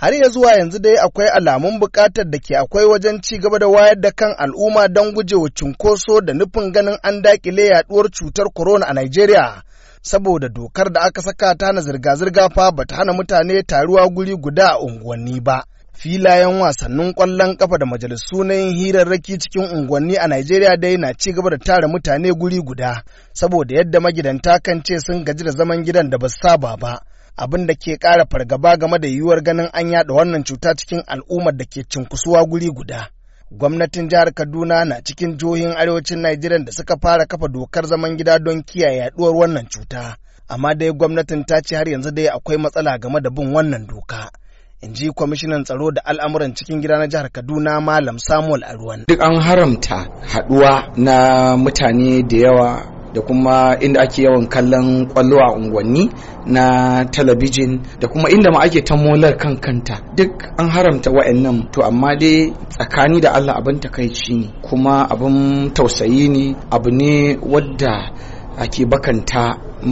har ya zuwa yanzu dai akwai alamun bukatar da ke akwai wajen ci gaba da wayar da kan al'umma don gujewa cunkoso da nufin ganin an dakile yaduwar cutar corona a Najeriya. Saboda dokar da aka saka ta na zirga-zirga fa ba ta hana mutane taruwa guri guda a unguwanni ba. Filayen wasannin ƙwallon ƙafa da majalisu na yin hirarraki cikin unguwanni a Najeriya dai na ci gaba da tara mutane guri guda, saboda yadda magidanta kan ce sun gaji da zaman gidan da ba saba ba. abin da ke ƙara fargaba game da yiwuwar ganin an yaɗa wannan cuta cikin al'ummar da ke cinkusuwa guri guda. Gwamnatin jihar Kaduna na cikin jihohin arewacin Najeriya da suka fara kafa dokar zaman gida don kiyaye yaduwar wannan cuta, amma dai gwamnatin ta ce har yanzu dai akwai matsala game da bin wannan doka. in ji kwamishinan tsaro da al'amuran cikin gida na jihar kaduna malam samuel aruwan duk an haramta haduwa na mutane da yawa da kuma inda ake yawan kallon kwallo a unguwanni na talabijin da kuma inda ma ake tamolar kan kanta duk an haramta wa'annan to amma dai tsakani da Allah abin takaici ne kuma abin tausayi ne abu ne wadda ake bakanta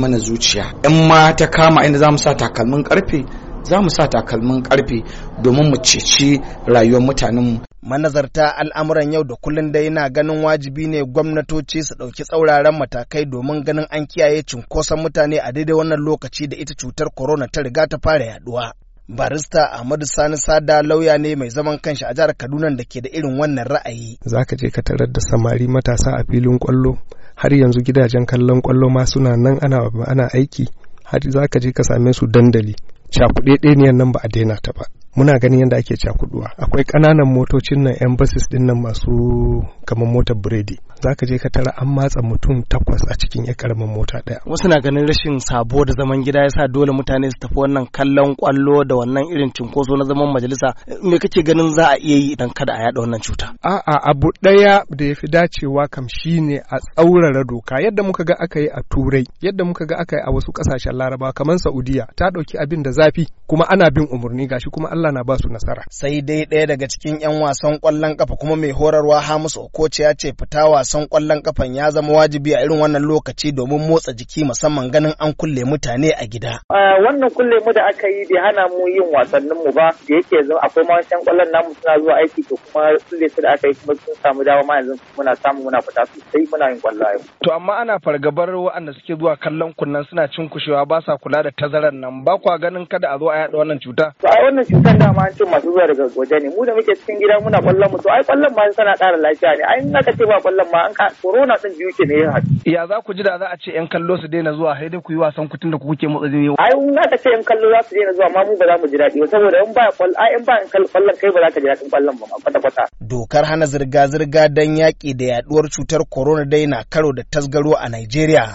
mana zuciya in ma ta kama inda za mu sa takalmin karfe za mu sa takalmin karfe domin mu ceci rayuwar mutanenmu manazarta al'amuran yau da kullum dai na ganin wajibi ne gwamnatoci su ɗauki tsauraran matakai domin ganin an kiyaye cunkoson mutane a daidai wannan lokaci da ita cutar corona ta riga ta fara yaduwa. barista Ahmadu Sani Sada lauya ne mai zaman kanshi a jihar Kaduna da ke da irin wannan ra'ayi. Za ka je ka tarar da samari matasa a filin kwallo har yanzu gidajen kallon kwallo ma suna nan ana aiki har za ka je ka same su dandali cakuɗe ɗaya nan ba a daina ta ba muna ganin yadda ake cakuduwa akwai ƙananan motocin nan yan basis din nan masu kamar motar biredi za ka je ka tara an matsa mutum takwas a cikin ya karamin mota ɗaya wasu na ganin rashin sabo da zaman gida yasa dole mutane su tafi wannan kallon kwallo da wannan irin cinkoso na zaman majalisa me kake ganin za a iya yi idan kada a yada wannan cuta a'a abu ɗaya da ya fi dacewa kam shine a tsaurara doka yadda muka ga aka yi a turai yadda muka ga aka yi a wasu ƙasashen laraba kamar saudiya ta ɗauki abin da zafi kuma ana bin umarni gashi kuma Allah na ba su nasara. Sai dai ɗaya daga cikin 'yan wasan ƙwallon kafa kuma mai horarwa Hamisu Okoce ya ce fita wasan ƙwallon ƙafan ya zama wajibi a irin wannan lokaci domin motsa jiki musamman ganin an kulle mutane a gida. Wannan kulle mu da aka yi bai hana mu yin wasannin mu ba da yake yanzu akwai ma kwallon ƙwallon namu suna zuwa aiki to kuma kulle su da aka yi kuma sun samu dama ma yanzu muna samu muna fita sosai muna yin ƙwallo To amma ana fargabar waɗanda suke zuwa kallon kunnan suna cin kushewa ba sa kula da tazarar nan ba kwa ganin kada a zo a yaɗa wannan cuta. To a wannan cuta ai dama an masu zuwa daga waje ne mu da muke cikin gida muna kwallon mu to ai kwallon ma suna ƙara lafiya ne ai in aka ce ba kwallon ma an ka corona din biyu ke ne ya haɗu ya za ku ji da za a ce yan kallo su daina zuwa sai dai ku yi wasan kutun da ku kuke motsa jini ai in aka ce yan kallo za su daina zuwa ma mu ba za mu ji daɗi saboda in ba kwallon ai in ba kwallon kai ba za ka ji daɗin kwallon ba kwata kwata dokar hana zirga zirga dan yaƙi da yaɗuwar cutar corona dai na karo da tasgaro a Najeriya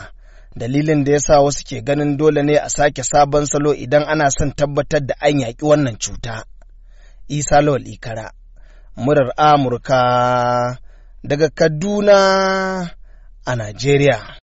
dalilin da ya sa wasu ke ganin dole ne a sake sabon salo idan ana son tabbatar da an yaƙi wannan cuta. Isa Lawal Ikara, murar Amurka daga Kaduna a Najeriya.